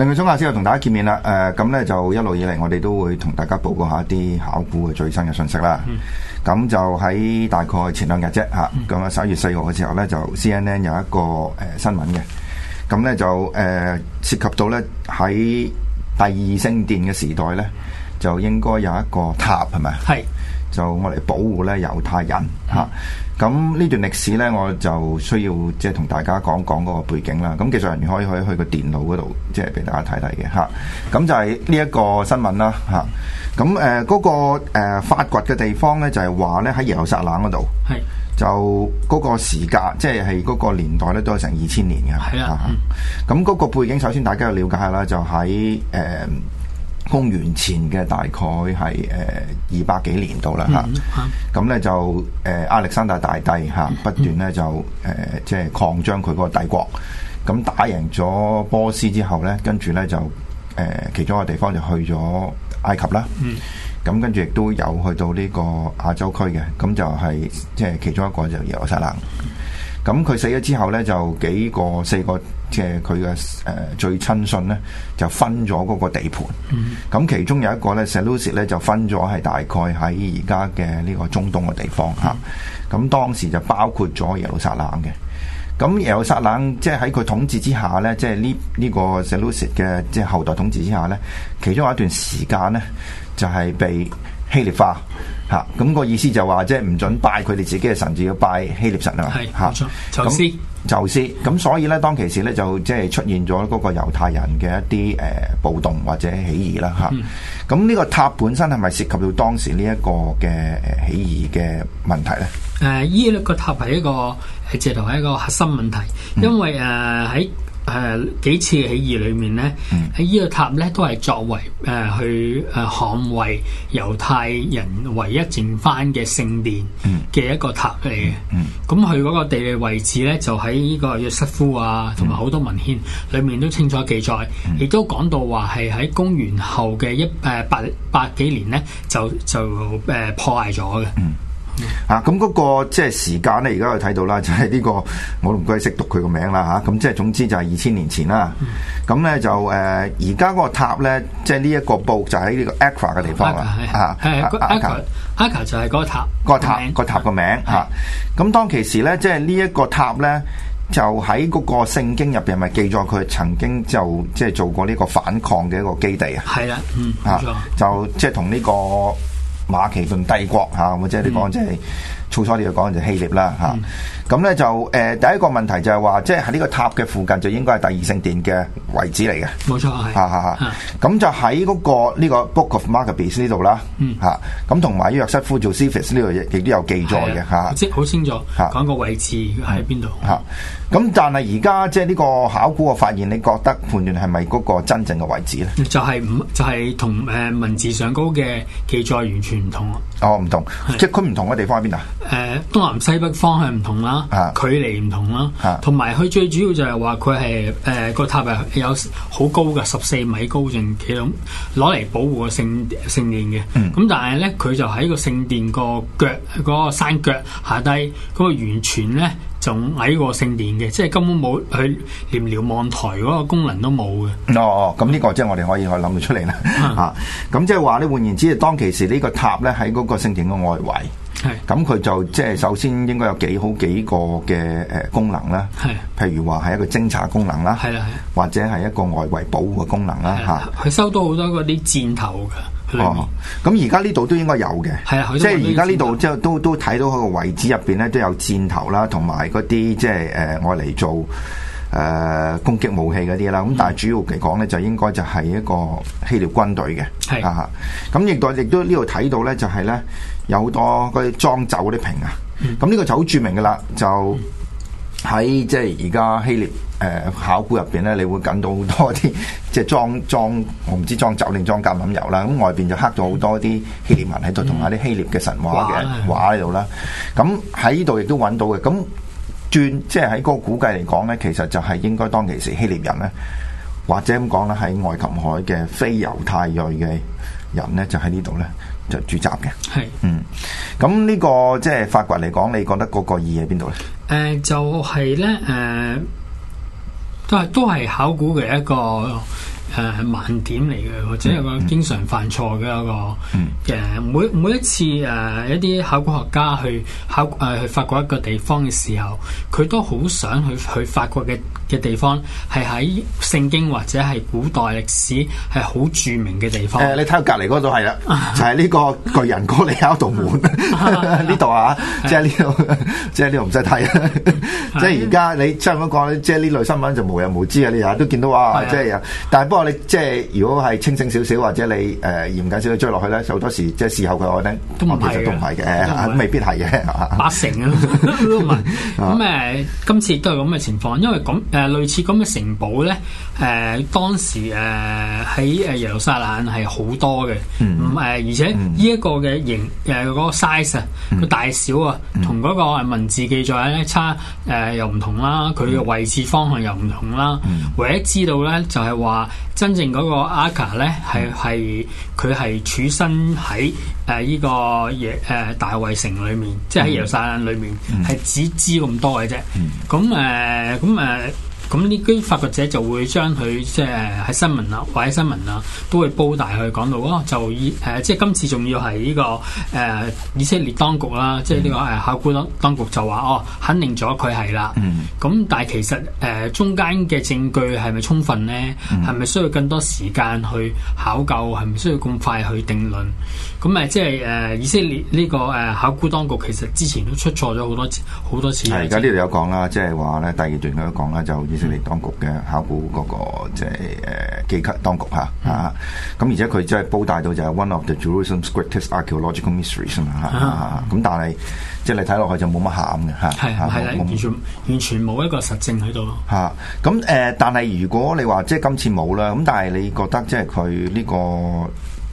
另外，鐘頭之後同大家見面啦。誒、呃，咁呢就一路以嚟，我哋都會同大家報告一下一啲考古嘅最新嘅信息啦。咁、嗯、就喺大概前兩、啊、日啫嚇，咁啊十一月四號嘅時候呢，就 CNN 有一個誒、呃、新聞嘅。咁呢，就、呃、誒涉及到呢，喺第二聖殿嘅時代呢，就應該有一個塔係咪啊？係。就我嚟保護咧猶太人嚇，咁呢、嗯啊、段歷史咧我就需要即係同大家講講嗰個背景啦。咁技術人員可以去去個電腦嗰度，即係俾大家睇睇嘅嚇。咁、啊、就係呢一個新聞啦嚇。咁誒嗰個誒、呃、發掘嘅地方咧，就係話咧喺耶路撒冷嗰度，係是就嗰個時間，即係係嗰個年代咧，都有成二千年嘅。係啦，咁嗰個背景首先大家要了解下啦，就喺誒。呃公元前嘅大概係誒二百幾年度啦嚇，咁咧、嗯嗯、就誒亞歷山大大帝嚇、啊嗯、不斷咧就誒即係擴張佢個帝國，咁打贏咗波斯之後咧，跟住咧就誒、呃、其中一個地方就去咗埃及啦，咁跟住亦都有去到呢個亞洲區嘅，咁就係即係其中一個就耶路撒冷。.咁佢死咗之後咧，就幾個四個即係佢嘅誒最親信咧，就分咗嗰個地盤。咁、mm hmm. 其中有一個咧，Seleucid 咧就分咗係大概喺而家嘅呢個中東嘅地方嚇。咁、mm hmm. 啊、當時就包括咗耶路撒冷嘅。咁耶路撒冷即係喺佢統治之下咧，即係呢呢個 Seleucid 嘅即係、就是、後代統治之下咧，其中有一段時間咧就係、是、被希臘化。吓，咁、啊那個意思就話即係唔准拜佢哋自己嘅神，就要拜希臘神是啊嘛。係，冇錯。祭司，祭司。咁所以咧，當其時咧就即係出現咗嗰個猶太人嘅一啲誒、呃、暴動或者起義啦。吓、啊，咁呢、嗯嗯、個塔本身係咪涉及到當時呢、啊這個、一個嘅誒起義嘅問題咧？誒，耶路個塔係一個誒，直頭係一個核心問題，嗯、因為誒喺。呃誒，幾次嘅起義裏面咧，喺呢、嗯、個塔咧都係作為誒、呃、去誒捍衛猶太人唯一剩翻嘅聖殿嘅一個塔嚟嘅。咁佢嗰個地理位置咧，就喺呢個約瑟夫啊，同埋好多文獻裏面都清楚記載，亦、嗯、都講到話係喺公元後嘅一誒八八幾年咧就就誒、呃、破壞咗嘅。嗯啊，咁嗰個即係時間咧，而家可以睇到啦，就係呢個我唔該識讀佢個名啦吓，咁即係總之就係二千年前啦。咁咧就誒，而家嗰個塔咧，即係呢一個布就喺呢個 Akra 嘅地方啊。係，係 Akra 就係嗰個塔，個塔個塔個名啊。咁當其時咧，即係呢一個塔咧，就喺嗰個聖經入邊咪記咗佢曾經就即係做過呢個反抗嘅一個基地啊。係啦，嗯，冇就即係同呢個。馬其頓帝國吓，或者係你講即係。粗粗地嚟講就希臘啦嚇，咁咧就誒第一個問題就係話，即係喺呢個塔嘅附近就應該係第二聖殿嘅位置嚟嘅，冇錯係嚇嚇嚇。咁就喺嗰個呢個 Book of Maccabees 呢度啦嚇，咁同埋呢約瑟夫做 Josephus 呢度亦都有記載嘅嚇，即好清楚嚇講個位置喺邊度嚇。咁但係而家即係呢個考古嘅發現，你覺得判斷係咪嗰個真正嘅位置咧？就係唔就係同誒文字上高嘅記載完全唔同啊。哦，唔同，即係佢唔同嘅地方喺邊啊？誒、呃，東南西北方向唔同啦，啊、距離唔同啦，同埋佢最主要就係話佢係誒個塔係有好高嘅十四米高，淨係攞嚟保護個聖聖殿嘅。咁、嗯、但係咧，佢就喺個聖殿腳、嗰個腳嗰山腳下低嗰個源泉咧。.就矮過聖殿嘅，即係根本冇佢連瞭，瞭望台嗰個功能都冇嘅。哦哦，咁呢個即係我哋可以去諗到出嚟啦嚇。咁、 啊、即係話咧，換言之，當其時呢個塔咧喺嗰個聖殿嘅外圍，係咁佢就即係首先應該有幾好幾個嘅誒功能啦。係的，譬如話係一個偵查功能啦，係啦，或者係一個外圍保護嘅功能啦嚇。佢、啊、收到好多嗰啲箭頭㗎。哦，咁而家呢度都應該有嘅，啊，即係而家呢度即係都都睇到佢個位置入邊咧都有箭頭啦，同埋嗰啲即係誒我嚟做誒、呃、攻擊武器嗰啲啦。咁但係主要嚟講咧就應該就係一個希臘軍隊嘅，是啊，咁亦代亦都呢度睇到咧就係咧有好多嗰啲裝酒嗰啲瓶啊。咁呢個就好著名噶啦，就喺即係而家希臘。嗯嗯嗯嗯誒，考古入邊咧，你會揾到好多啲即係裝裝，我唔知裝酒定裝橄欖油啦。咁外邊就刻咗好多啲希臘文喺度，同埋啲希臘嘅神話嘅畫喺度啦。咁喺呢度亦都揾到嘅。咁轉即係喺嗰個估計嚟講咧，其實就係應該當其時希臘人咧，或者咁講咧，喺愛琴海嘅非猶太裔嘅人咧，就喺呢度咧就駐紮嘅。係，嗯，咁呢個即係發掘嚟講，你覺得嗰個意義喺邊度咧？誒，就係咧，誒。都係都係考古嘅一個，誒盲、啊、點嚟嘅，或者一個經常犯錯嘅一個嘅、嗯、每每一次誒、啊、一啲考古學家去考誒去發掘一個地方嘅時候，佢都好想佢去發掘嘅嘅地方係喺聖經或者係古代歷史係好著名嘅地方、哎。你睇隔籬嗰度係啦，就係、是、呢個巨人哥離開一道門呢度啊，即係呢度，即係呢度唔使睇啊！即係而家你即係咁講，即係呢類新聞就無人無知啊！你日都見到哇，即係但係不即係如果係清醒少少，或者你誒嚴謹少少追落去咧，就好多時即係事後佢我覺得都唔係嘅，未必係嘅，八成啊，咁 誒，今次亦都係咁嘅情況，因為咁誒類似咁嘅城堡咧，誒、呃、當時誒喺誒耶路撒冷係好多嘅，唔、呃、誒，而且呢一個嘅形誒嗰、嗯、個 size 啊、嗯，個大小啊，同嗰個文字記載咧差誒、呃、又唔同啦，佢嘅位置方向又唔同啦，唯一知道咧就係、是、話。就是真正嗰個阿卡咧，係係佢係處身喺誒呢個嘢誒、呃呃、大衛城裏面，即係喺耶路撒冷裏面，係、mm hmm. 只知咁多嘅啫。咁誒咁誒。Hmm. 咁呢啲發掘者就會將佢即係喺新聞啦，或者新聞啦，都會報大佢去講到哦。就以，誒、呃，即係今次仲要係呢、呢個誒、呃、以色列當局啦，即係呢個誒考古當當局就話哦，肯定咗佢係啦。咁、嗯、但係其實誒、呃、中間嘅證據係咪充分咧？係咪、嗯、需要更多時間去考究？係咪需要咁快去定論？咁誒即係誒、呃、以色列呢、呢個誒、呃、考古當局其實之前都出錯咗好多次，好多次。係，而家呢度有講啦，即係話咧第二段有講啦，就。殖民當局嘅考古嗰、那個即係誒紀級當局嚇啊！咁而且佢即係煲大到就係 one of the Jerusalem's greatest archaeological mysteries 咁但係即係你睇落去就冇乜餡咁嘅嚇係係啊的沒完！完全完全冇一個實證喺度嚇咁誒！但係如果你話即係今次冇啦咁，但係你覺得即係佢呢個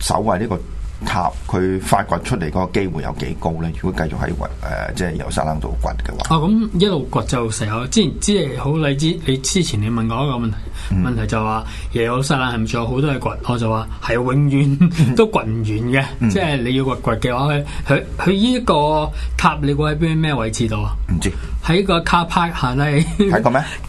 守衞呢個？塔佢發掘出嚟嗰個機會有幾高咧？如果繼續喺掘誒，即係由沙冷度掘嘅話，哦咁一路掘就成日。之前即係好你之你之前你問過一個問題，嗯、問題就話，又有沙冷，係唔仲有好多嘢掘，我就話係永遠、嗯、都掘唔完嘅。嗯、即係你要掘掘嘅話，佢佢佢依一個塔，你會喺邊咩位置度啊？唔知。喺個 car park 下低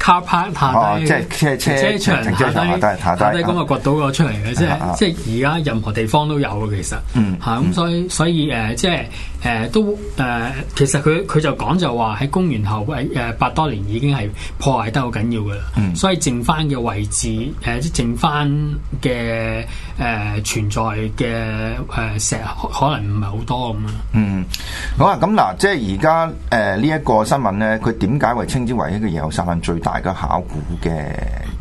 ，car park 下低，即係即係車場下低，下低嗰個掘到個出嚟嘅，即係即係而家任何地方都有咯，其實，嗯，嚇咁、啊、所以所以誒、嗯啊、即係。誒、呃，都誒、呃，其實佢佢就講就話喺公元後誒、呃、百多年已經係破壞得好緊要噶啦，嗯、所以剩翻嘅位置誒，即、呃、剩翻嘅誒存在嘅誒、呃、石可能唔係好多咁啦。嗯，好啊，咁嗱，即係而家誒呢一個新聞咧，佢點解會稱之為一個耶路撒冷最大嘅考古嘅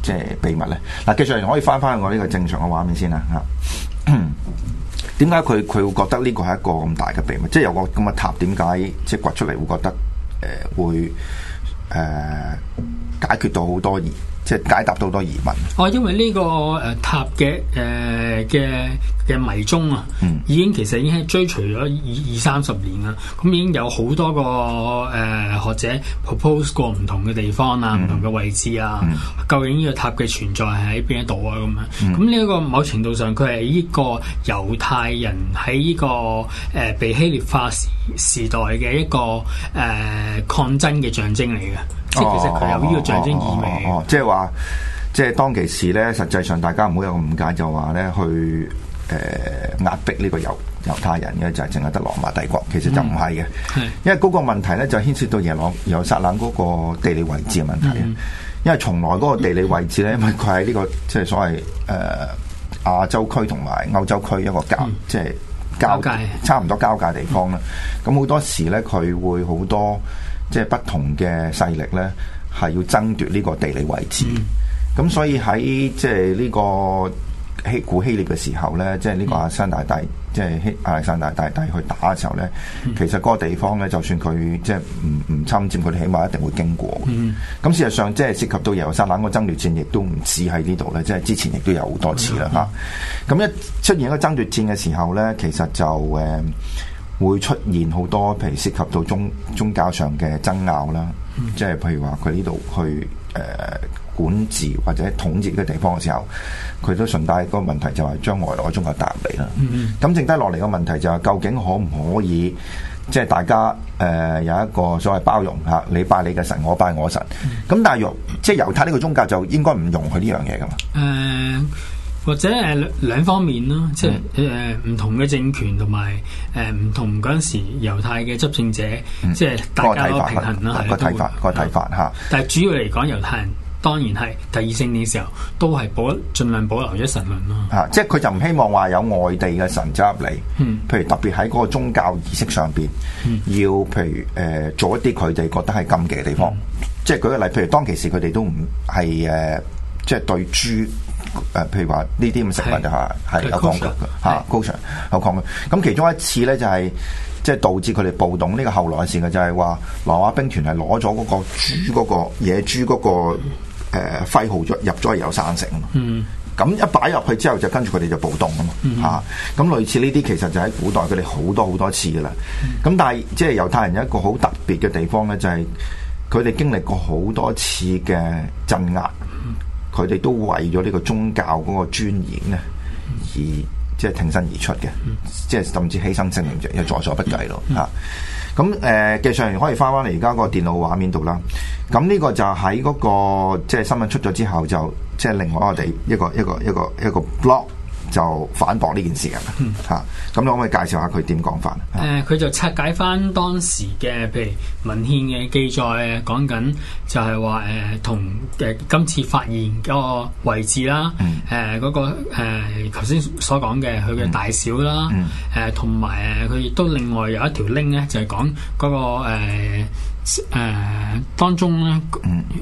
即係秘密咧？嗱、啊，記者員可以翻翻我呢個正常嘅畫面先啦，吓。點解佢佢會覺得呢個係一個咁大嘅秘密？即係有個咁嘅塔，點解即係掘出嚟會覺得誒、呃、會誒、呃、解決到好多疑？即係解答到好多疑問。哦，因為呢、這個誒、呃、塔嘅誒嘅嘅迷蹤啊，嗯、已經其實已經係追隨咗二二三十年啦。咁、嗯嗯、已經有好多個誒學、呃、者 propose 過唔同嘅地方啊、唔同嘅位置啊，嗯嗯、究竟呢個塔嘅存在係喺邊一度啊？咁、嗯、樣。咁呢一個某程度上，佢係呢個猶太人喺呢個誒、呃、被希臘化時，時代嘅一個誒、呃、抗爭嘅象徵嚟嘅。即其實佢有呢個象徵意味。哦，哦，哦，哦，哦，哦，哦，即係話，即係當其時咧，實際上大家唔好有個誤解就，就話咧去誒壓迫呢個猶猶太人嘅，就係淨係得羅馬帝國，其實就唔係嘅。嗯、因為嗰個問題咧就牽涉到耶朗、耶路撒冷嗰個地理位置嘅問題。嗯、因為從來嗰個地理位置咧，因為佢喺呢個即係所謂誒、呃、亞洲區同埋歐洲區一個交、嗯、即係交，交界對，差唔多交界地方啦。咁好、嗯嗯嗯嗯、多時咧，佢會好多。即係不同嘅勢力咧，係要爭奪呢個地理位置。咁、嗯、所以喺即係呢個希古希臘嘅時候咧，嗯、即係呢個亞歷山大大，即係亞歷山大大帝去打嘅時候咧，嗯、其實嗰個地方咧，就算佢即係唔唔侵佔，佢哋起碼一定會經過。咁、嗯、事實上，即係涉及到耶路撒冷嗰個爭奪戰，亦都唔止喺呢度咧。即係之前亦都有好多次啦嚇。咁、嗯嗯、一出現一個爭奪戰嘅時候咧，其實就誒。嗯嗯嗯會出現好多譬如涉及到宗宗教上嘅爭拗啦，嗯、即係譬如話佢呢度去誒、呃、管治或者統治嘅地方嘅時候，佢都順帶一個問題就係將外來嘅宗教帶入嚟啦。咁、嗯嗯、剩低落嚟嘅問題就係究竟可唔可以即係大家誒、呃、有一個所謂包容吓？你拜你嘅神，我拜我神。咁、嗯、但係猶即係猶太呢個宗教就應該唔容許呢樣嘢㗎嘛。嗯。或者誒兩兩方面咯，即係誒唔同嘅政權同埋誒唔同嗰陣時猶太嘅執政者，即係大家平衡啦，係啦，個睇法個睇法嚇。但係主要嚟講，猶太人當然係第二聖嘅時候都係保盡量保留一神論咯。嚇，即係佢就唔希望話有外地嘅神走入嚟。嗯。譬如特別喺嗰個宗教儀式上邊，要譬如誒做一啲佢哋覺得係禁忌嘅地方。即係舉個例，譬如當其時佢哋都唔係誒，即係對豬。誒、呃，譬如話呢啲咁嘅食物，就係係有抗拒，高牆有抗拒。咁的的其中一次咧就係即係導致佢哋暴動呢個後來線嘅，就係、是、話羅馬兵團係攞咗嗰個豬、那個、野豬嗰、那個誒徽號入咗係有聖城啊嘛。呃、嗯，咁一擺入去之後就跟住佢哋就暴動、嗯、哼啊嘛。嚇，咁類似呢啲其實就喺古代佢哋好多好多次噶啦。咁、嗯、但係即係猶太人有一個好特別嘅地方咧，就係佢哋經歷過好多次嘅鎮壓。佢哋都為咗呢個宗教嗰個尊嚴咧，而即係挺身而出嘅，嗯、即係甚至犧牲性命者，就又在所不計咯嚇。咁誒、嗯，嘅、啊呃、上嚟可以翻翻嚟而家個電腦畫面度啦。咁呢個就喺嗰、那個即係新聞出咗之後，就即係另外我哋一個一個一個一個 block。就反駁呢件事㗎啦，嚇、嗯！咁你、啊、可唔可以介紹下佢點講法？誒、呃，佢就拆解翻當時嘅，譬如文獻嘅記載，講緊就係話誒同誒、呃、今次發現嗰個位置啦，誒嗰、嗯呃嗰個誒頭先所講嘅佢嘅大小啦，誒同埋誒佢亦都另外有一條 link 咧，就係講嗰個、呃誒、呃，當中咧，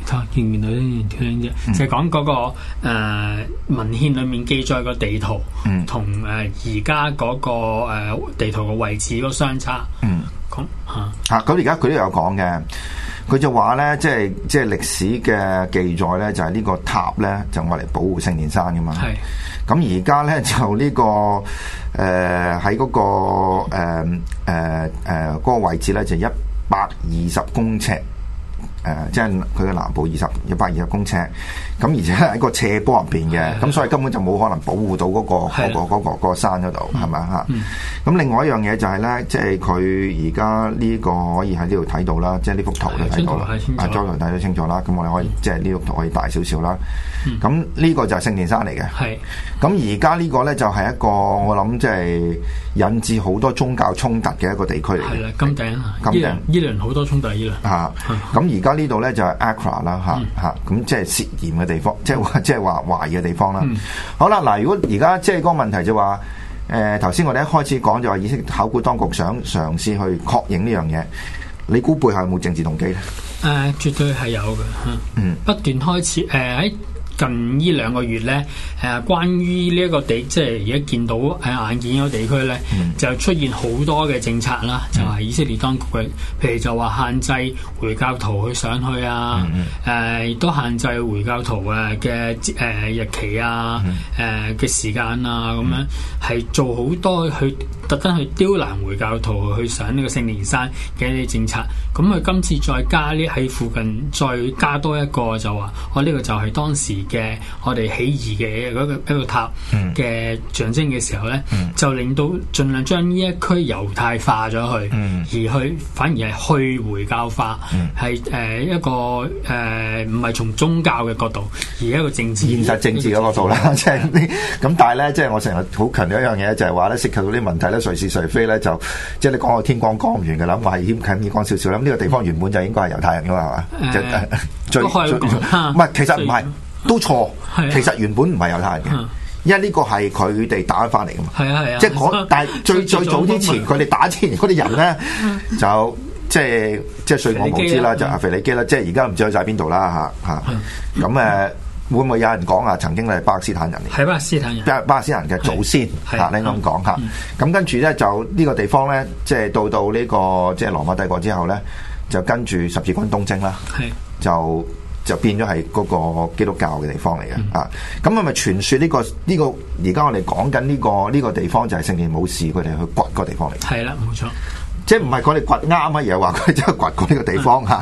睇見面女聽啫，嗯、就講嗰、那個誒、呃、文獻裏面記載、嗯、個地圖，同誒而家嗰個誒地圖嘅位置嗰個相差。嗯，咁吓吓，咁而家佢都有講嘅，佢就話咧，即係即係歷史嘅記載咧，就係、是、呢、就是、個塔咧，就用嚟保護聖殿山噶嘛。係是，咁而家咧就呢、這個誒喺嗰個誒誒誒個位置咧就一。百二十公尺，誒，即係佢嘅南部二十一百二十公尺，咁而且喺個斜坡入邊嘅，咁所以根本就冇可能保護到嗰個個個個山嗰度，係咪吓？咁另外一樣嘢就係咧，即係佢而家呢個可以喺呢度睇到啦，即係呢幅圖都睇到啦。阿莊，你睇到清楚啦？咁我哋可以即係呢幅圖可以大少少啦。咁呢個就係聖殿山嚟嘅。係。咁而家呢個咧就係一個我諗即係。引致好多宗教衝突嘅一個地區嚟嘅，係啦，金頂金頂，依輪好多衝突依輪，嚇的，咁而家呢度咧就係阿克拉啦，嚇嚇，咁即係涉嫌嘅地方，嗯、即係即係話懷疑嘅地方啦。嗯、好啦，嗱，如果而家即係嗰個問題就話，誒頭先我哋一開始講就話，以色列考古當局想嘗試去確認呢樣嘢，你估背後有冇政治動機咧？誒、嗯，嗯、絕對係有嘅，嗯，不斷開始，誒、呃、喺。近呢兩個月咧，誒、呃，關於呢一個地，即係而家見到喺眼見嗰地區咧，嗯、就出現好多嘅政策啦，嗯、就係以色列當局嘅，譬如就話限制回教徒去上去啊，誒、嗯，亦、呃、都限制回教徒嘅嘅誒日期啊，誒嘅、嗯呃、時間啊，咁樣係、嗯、做好多去。特登去刁難回教徒去上呢個聖年山嘅一啲政策，咁佢今次再加呢喺附近再加多一個就話，我呢個就係當時嘅我哋起義嘅嗰、嗰個嗰、嗰個、塔嘅象徵嘅時候咧，嗯、就令到盡量將呢一區猶太化咗去，嗯、而去反而係去回教化，係誒、嗯、一個誒唔係從宗教嘅角度而係一個政治現實政治嘅角度啦。即係咁，但係咧，即係我成日好強調一樣嘢，就係話咧，涉及到啲問題誰是誰非咧，就即係你講到天光講唔完嘅諗，話係牽近天光少少諗。呢個地方原本就應該係猶太人噶嘛，係嘛？最最唔係，其實唔係都錯。其實原本唔係猶太人嘅，因為呢個係佢哋打翻嚟噶嘛。係啊係啊，即係但係最最早之前佢哋打之前嗰啲人咧，就即係即係恕我無知啦，就阿腓尼基啦。即係而家唔知去晒邊度啦吓吓。咁誒。會唔會有人講啊？曾經係巴基斯坦人嚟，係巴基斯坦人，巴基斯坦人嘅祖先。吓、啊，你咁講吓，咁、嗯、跟住咧就呢個地方咧，即、就、係、是、到到呢、呢個即係羅馬帝國之後咧，就跟住十字軍東征啦是，就就變咗係嗰個基督教嘅地方嚟嘅。嗯、啊，咁係咪傳說呢、呢個呢、呢個而家我哋講緊呢個呢、呢個地方就係聖殿武士佢哋去掘個地方嚟？係啦，冇錯。即係唔係佢哋掘啱啊，而係話佢真係掘過呢個地方吓。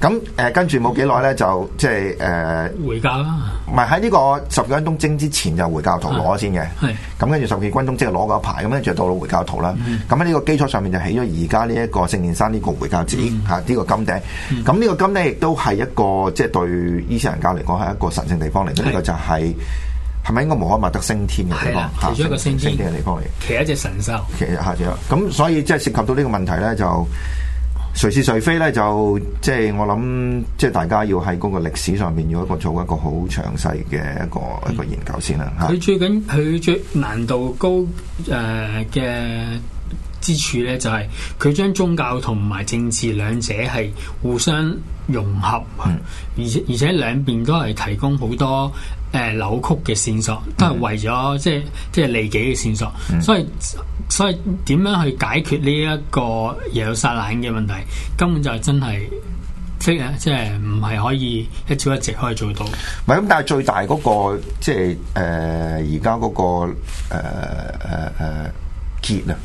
咁誒，跟住冇幾耐咧，就即係誒，回教啦。唔係喺呢個十字軍東征之前就回教徒攞咗先嘅。係咁跟住十字軍東征即係攞過一排，咁跟住到回教徒啦。咁喺呢個基礎上面就起咗而家呢一個聖殿山呢個回教寺吓，呢個金頂。咁呢個金頂亦都係一個即係對伊斯蘭教嚟講係一個神聖地方嚟嘅。呢個就係。係咪應該無可唔得升天嘅地方？其中一個天、啊、升天嘅地方嚟，騎一隻神獸。騎下隻，咁所以即係涉及到呢個問題咧，就誰是誰非咧，就即係我諗，即係大家要喺嗰個歷史上面要一個做一個好詳細嘅一個、嗯、一個研究先啦。佢最緊，佢最難度高誒嘅之處咧，就係佢將宗教同埋政治兩者係互相融合，而、嗯、而且兩邊都係提供好多。誒扭曲嘅線索，都係為咗即係即係利己嘅線索，嗯、所以所以點樣去解決呢一個耶路撒冷嘅問題，根本就係真係即係即係唔係可以一朝一夕可以做到。唔係咁，但係最大嗰、那個即係誒而家嗰個誒誒誒結啊，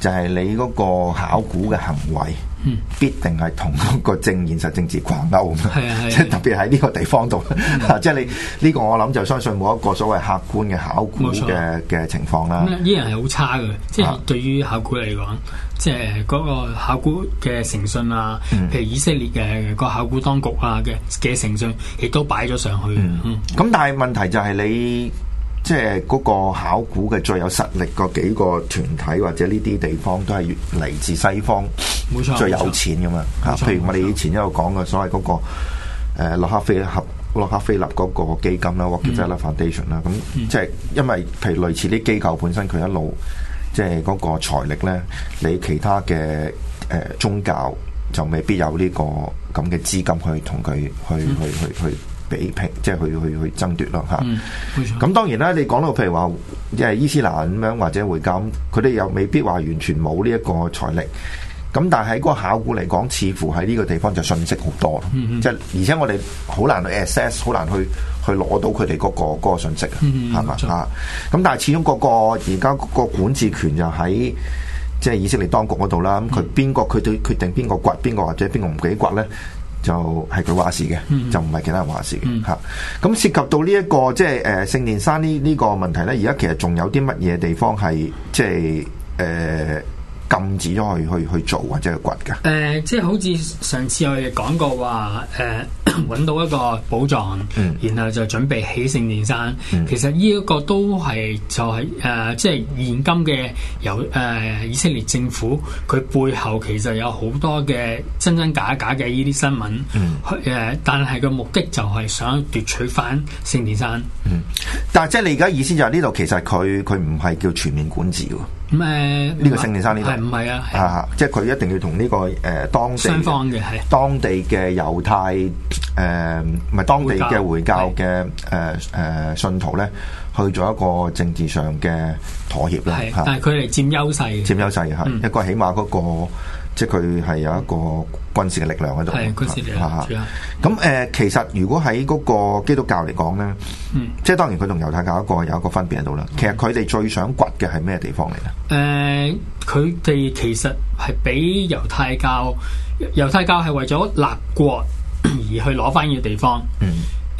就係、是、你嗰個考古嘅行為。嗯、必定係同嗰個正現實政治掛鈎咁樣，即係 特別喺呢個地方度、嗯，即係 你呢、這個我諗就相信冇一個所謂客觀嘅考古嘅嘅錯情況啦、嗯。依然啲係好差嘅，即係、啊、對於考古嚟講，即係嗰個考古嘅誠信啊，嗯、譬如以色列嘅個考古當局啊嘅嘅誠信，亦都擺咗上去。咁但係問題就係你。即係嗰個考古嘅最有實力嗰幾個團體，或者呢啲地方都係嚟自西方，最有錢噶嘛？嚇，譬如我哋以前一路講嘅所謂嗰、嗰個洛克冇錯、呃、菲勒、洛克菲勒嗰個基金啦、嗯、或者係 Foundation 啦、嗯，咁即係因為譬如類似啲機構本身佢一路即係嗰個財力咧，你其他嘅誒、呃、宗教就未必有呢、呢個咁嘅資金去同佢去去去去。去去去嗯比拼即係去去去爭奪咯吓，咁、嗯、當然啦，你講到譬如話即係伊斯蘭咁樣或者回教，佢哋又未必話完全冇呢一個財力，咁但係喺個考古嚟講，似乎喺呢個地方就信息好多，即係、嗯嗯、而且我哋好難去 access 好難去去攞到佢哋嗰個、嗰個信息啊，係嘛啊？咁、嗯嗯吧嗯嗯、但係始終嗰、嗰個而家個管治權就喺即係以色列當局嗰度啦，咁佢邊個佢對決定邊個掘邊個或者邊個唔俾掘咧？就係佢話事嘅，嗯、就唔係其他人話事嘅嚇。咁、嗯啊、涉及到呢、這、一個即係誒聖殿山呢呢個問題咧，而家其實仲有啲乜嘢地方係即係誒、呃、禁止咗去去去做或者去掘㗎？誒、呃，即係好似上次我哋講過話誒。呃揾到一個寶藏，嗯、然後就準備起聖殿山。嗯、其實呢一個都係就係誒，即係現今嘅由誒以色列政府佢背後其實有好多嘅真真假假嘅呢啲新聞。誒、嗯呃，但係個目的就係想奪取翻聖殿山。嗯，但係即係你而家意思就係呢度其實佢佢唔係叫全面管治喎。咁誒呢個聖殿山呢、呢個？係唔係啊？啊，啊即係佢一定要同呢、呢個誒當地、當地嘅、啊、猶太誒，唔係當地嘅回教嘅誒誒信徒咧，去做一個政治上嘅妥協啦。啊啊、但係佢哋佔優勢，佔優勢係、啊嗯、一個起碼嗰、嗰個，即係佢係有一個。軍事嘅力量喺度，係軍事力量，嚇咁誒，哈哈嗯、其實如果喺嗰個基督教嚟講咧，嗯，即係當然佢同猶太教一個有一個分別喺度啦。嗯、其實佢哋最想掘嘅係咩地方嚟咧？誒、呃，佢哋其實係比猶太教，猶太教係為咗立國而去攞翻呢個地方，嗯，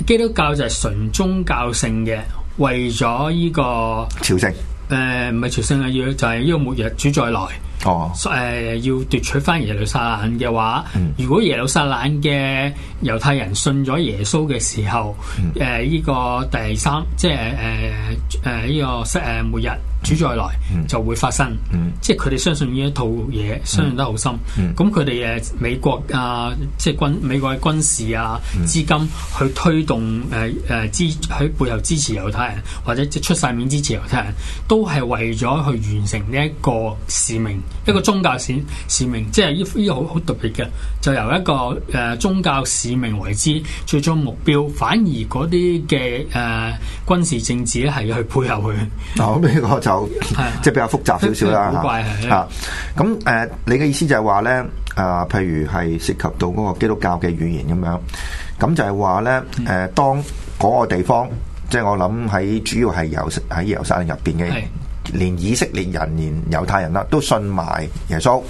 基督教就係純宗教性嘅，為咗呢、呢個朝聖。誒唔係朝聖嘅要就係、是、呢個末日主再來。哦、oh. 呃，誒要奪取翻耶路撒冷嘅話，mm. 如果耶路撒冷嘅猶太人信咗耶穌嘅時候，誒呢、mm. 呃這個第三，即係誒誒呢個誒末日。主再來就會發生，即係佢哋相信呢一套嘢，相信得好深。咁佢哋誒美國啊，即係軍美國嘅軍事啊，資金去推動誒誒支喺背後支持猶太人，或者即出晒面支持猶太人，都係為咗去完成呢一個使命，一個宗教使使命，即係呢呢個好好特別嘅，就由一個誒宗教使命為之最終目標。反而嗰啲嘅誒軍事政治咧，係去配合佢。嗱，呢個就～ 即係比較複雜少少啦吓，咁誒、 啊呃，你嘅意思就係話呢，誒、呃，譬如係涉及到嗰個基督教嘅語言咁樣，咁就係話呢，誒、呃，當嗰個地方，嗯、即係我諗喺主要係猶喺猶撒冷入邊嘅，面的連以色列人、連猶太人啦，都信埋耶穌。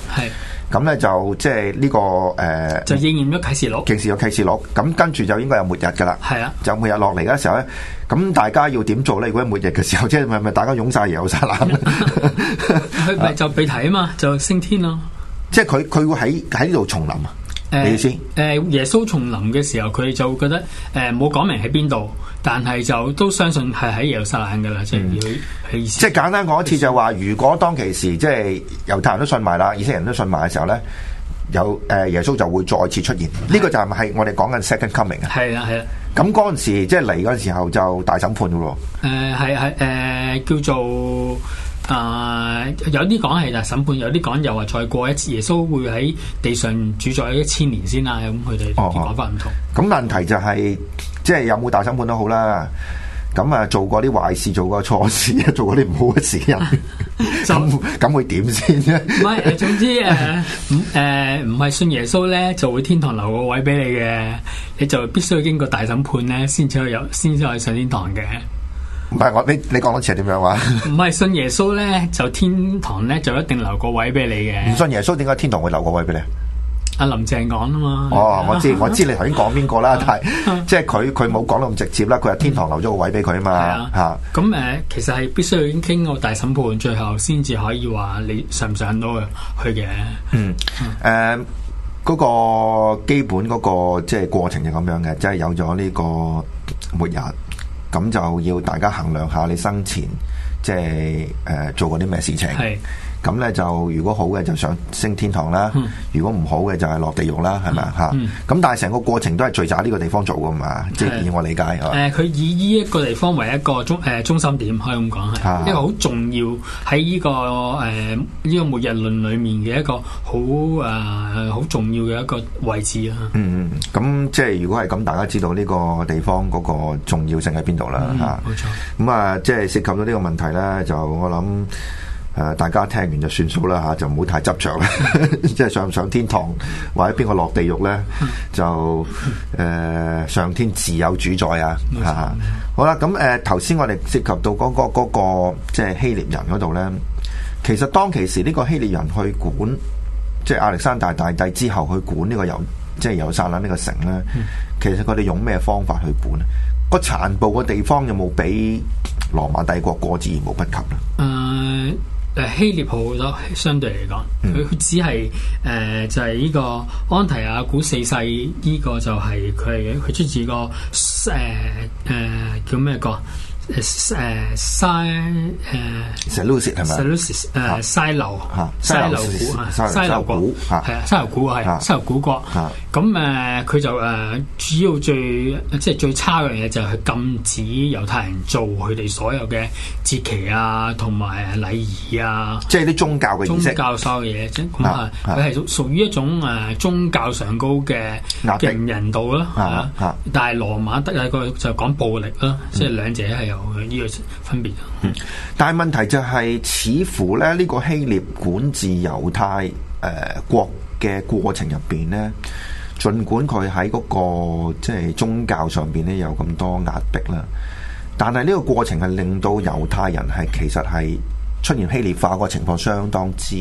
咁咧就即係呢、呢個誒，呃、就應驗咗啟示錄，警示咗啟示錄。咁跟住就應該有末日噶啦，係啊的，就末日落嚟嘅時候咧，咁大家要點做咧？如果末日嘅時候，即係咪咪大家擁晒嘢好晒冷？佢 咪 就避睇啊嘛，就升天咯。即係佢佢會喺喺度重臨啊。你意思？誒，耶穌重臨嘅時候，佢就覺得誒冇講明喺邊度，但係就都相信係喺耶路撒冷噶啦。嗯、意思即係佢，即係簡單講一次就，就係話，如果當其時即係猶太人都信埋啦，以色列人都信埋嘅時候咧，有誒、呃、耶穌就會再次出現。呢的個就係我哋講緊 Second Coming 嘅。係啦，係啦。咁嗰陣時即係嚟嗰陣時候就大審判噶喎。誒係係誒叫做。誒，uh, 有啲講，係就審判，有啲講又話再過一次，耶穌會喺地上主宰一千年先啦，咁佢哋講法唔同。咁、哦、問題就係、是，即係有冇大審判都好啦。咁啊，做過啲壞事，做過錯事，做過啲唔好嘅事的，咁咁 就會點先咧？唔係， 總之誒，誒、呃，唔、呃、係信耶穌咧，就會天堂留個位俾你嘅，你就必須要經過大審判咧，先至可以有，先至可以上天堂嘅。唔係我你你講嗰次係點樣話？唔 係信耶穌咧，就天堂咧就一定留個位俾你嘅。唔信耶穌，點解天堂會留個位俾你？阿、啊、林鄭講啊嘛。哦，我知、啊、我知你頭先講邊個啦，啊、但係即係佢佢冇講到咁直接啦。佢話天堂留咗個位俾佢啊嘛。吓咁誒，其實係必須要先傾個大審判，最後先至可以話你上唔上到去嘅。嗯誒，嗰、嗯嗯 uh, 個基本嗰個即係過程就咁樣嘅，即係有咗呢、這個末日。就是咁就要大家衡量下你生前即係誒做過啲咩事情。係。咁咧就如果好嘅就上升天堂啦，如果唔好嘅就係落地獄啦，係咪？嚇？咁但係成個過程都係聚集喺呢個地方做噶嘛，即係以我理解係嘛？佢以呢一個地方為一個中誒中心點，可以咁講係一個好重要喺依個誒呢個末日論裡面嘅一個好啊好重要嘅一個位置啊。嗯嗯，咁即係如果係咁，大家知道呢個地方嗰個重要性喺邊度啦嚇。冇錯，咁啊，即係涉及到呢個問題咧，就我諗。誒，大家聽完就算數啦吓，就唔好太執着啦。即係上唔上天堂，或者邊個落地獄咧，就誒、呃、上天自有主宰啊吓。啊好啦，咁誒頭先我哋涉及到嗰、嗰個、嗰個嗰個、即係希臘人嗰度咧，其實當其時呢個希臘人去管，即係亞歷山大大帝之後去管呢個由即係由耶路撒冷呢個城咧，嗯、其實佢哋用咩方法去管咧？個殘暴嘅地方有冇比羅馬帝國過之而無不及咧？誒、嗯。誒希臘好多，相對嚟講，佢佢只係誒、呃、就係、是、呢個安提阿古四世呢，這個就係佢係佢出自個誒誒叫咩個？呃呃誒誒西誒，西路係咪啊？西路誒西流，西流古啊，西流古係、嗯、啊，西流古啊，係西流古國。咁誒佢就誒主要最即係最差嘅樣嘢就係禁止猶太人做佢哋所有嘅節期啊，同埋禮儀啊，即係啲宗教嘅宗教修嘅嘢啫。咁啊，佢係屬於一種誒宗教上高嘅嘅人道咯。嚇，但係羅馬得啊個就講暴力咯，即係兩者係啊。有呢個分別啊，但係問題就係、是，似乎咧呢、這個希臘管治猶太誒、呃、國嘅過程入邊咧，儘管佢喺嗰個即係宗教上邊咧有咁多壓迫啦，但係呢個過程係令到猶太人係其實係出現希臘化個情況相當之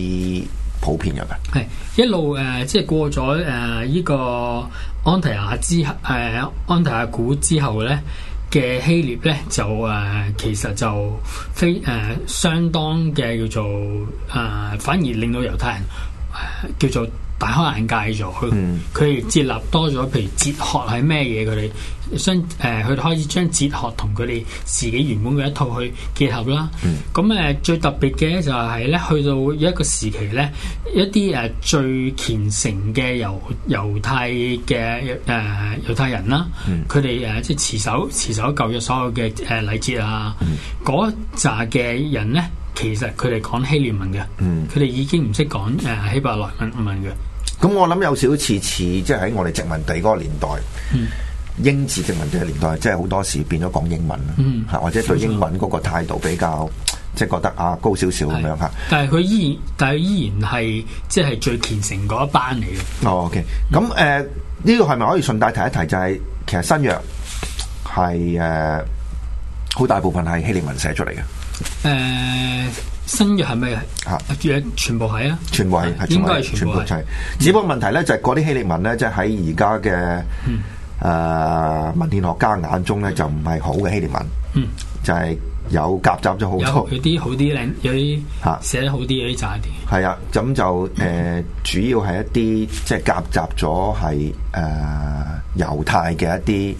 普遍嘅。係一路誒、呃，即係過咗誒呢個安提阿之誒、呃、安提阿古之後咧。嘅希臘呢就誒、呃、其實就非誒、呃、相當嘅叫做誒、呃，反而令到猶太人叫做大開眼界咗，佢佢哋接納多咗，譬如哲學係咩嘢佢哋。將誒佢哋開始將哲學同佢哋自己原本嘅一套去結合啦。咁誒最特別嘅就係咧，去到一個時期咧，一啲誒最虔誠嘅猶猶太嘅誒猶太人啦，佢哋誒即係持守持守舊約所有嘅誒禮節啊。嗰扎嘅人咧，其實佢哋講希臘文嘅，佢哋已經唔識講誒希伯來文文嘅。咁我諗有少少似似，即係喺我哋殖民地嗰個年代。英字殖民嘅年代，即係好多時變咗講英文吓，或者對英文嗰個態度比較，即係覺得啊高少少咁樣吓。但係佢依然，但係依然係即係最虔誠嗰一班嚟嘅。哦 OK，咁誒，呢個係咪可以順帶提一提？就係其實新約係誒，好大部分係希利文寫出嚟嘅。誒，新約係咩？啊？嘢全部係啊？全部係，全部係全部就係。只不過問題咧，就係嗰啲希利文咧，即係喺而家嘅。誒、呃，文獻學家眼中咧，就唔係好嘅希利文，嗯、就係有夾雜咗好多，有啲好啲咧，有啲嚇得好啲 A 站啲。係啊，咁就誒、呃、主要係一啲即係夾雜咗係誒猶太嘅一啲。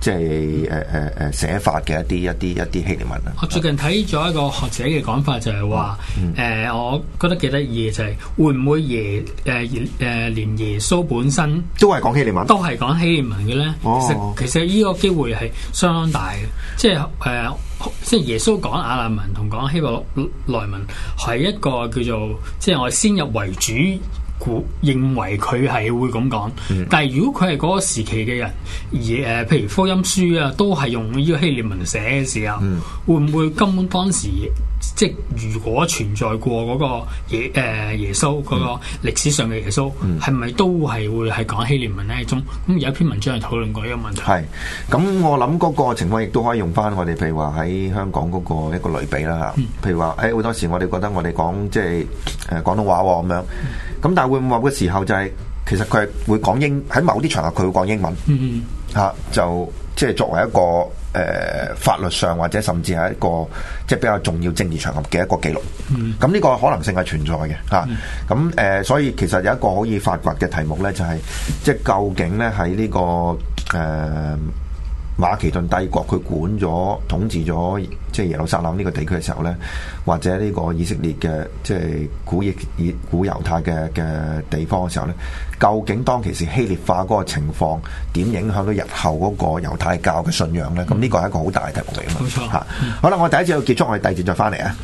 即係誒誒誒寫法嘅一啲一啲一啲希伯文啊！我最近睇咗一個學者嘅講法，就係話誒，我覺得幾得意就係、是、會唔會耶誒誒、呃呃、連耶穌本身都係講希伯文，都係講希伯文嘅咧、哦。其實其實呢個機會係相當大嘅，即係誒、呃、即係耶穌講阿蘭文同講希伯來文係一個叫做即係我先入為主。估認為佢係會咁講，但係如果佢係嗰個時期嘅人，而誒譬如福音書啊，都係用呢個希臘文寫嘅時候，嗯、會唔會根本當時？即係如果存在過嗰個耶誒耶穌嗰個歷史上嘅耶穌，係咪都係會係講希臘文咧？中咁有一篇文章係討論過呢個問題。係咁，我諗嗰個情況亦都可以用翻我哋譬如話喺香港嗰個一個類比啦嚇。譬如話誒，好多時我哋覺得我哋講即係誒廣東話喎咁樣，咁但係會唔會話嘅時候就係其實佢會講英，喺某啲場合佢會講英文嚇，就即係作為一個。誒、呃、法律上或者甚至係一個即係比較重要政治場合嘅一個記錄，咁呢、mm. 個可能性係存在嘅嚇。咁、啊、誒、mm. 嗯呃，所以其實有一個可以發掘嘅題目呢，就係、是、即係究竟呢喺呢個誒。呃馬其頓帝國佢管咗統治咗即係耶路撒冷呢個地區嘅時候呢，或者呢個以色列嘅即係古亦古猶太嘅嘅地方嘅時候呢，究竟當其時希臘化嗰個情況點影響到日後嗰個猶太教嘅信仰呢？咁呢、嗯、個係一個好大嘅題目嚟嘛。冇錯、嗯，嚇、嗯、好啦，我第一節要結束，我哋第二節再翻嚟啊。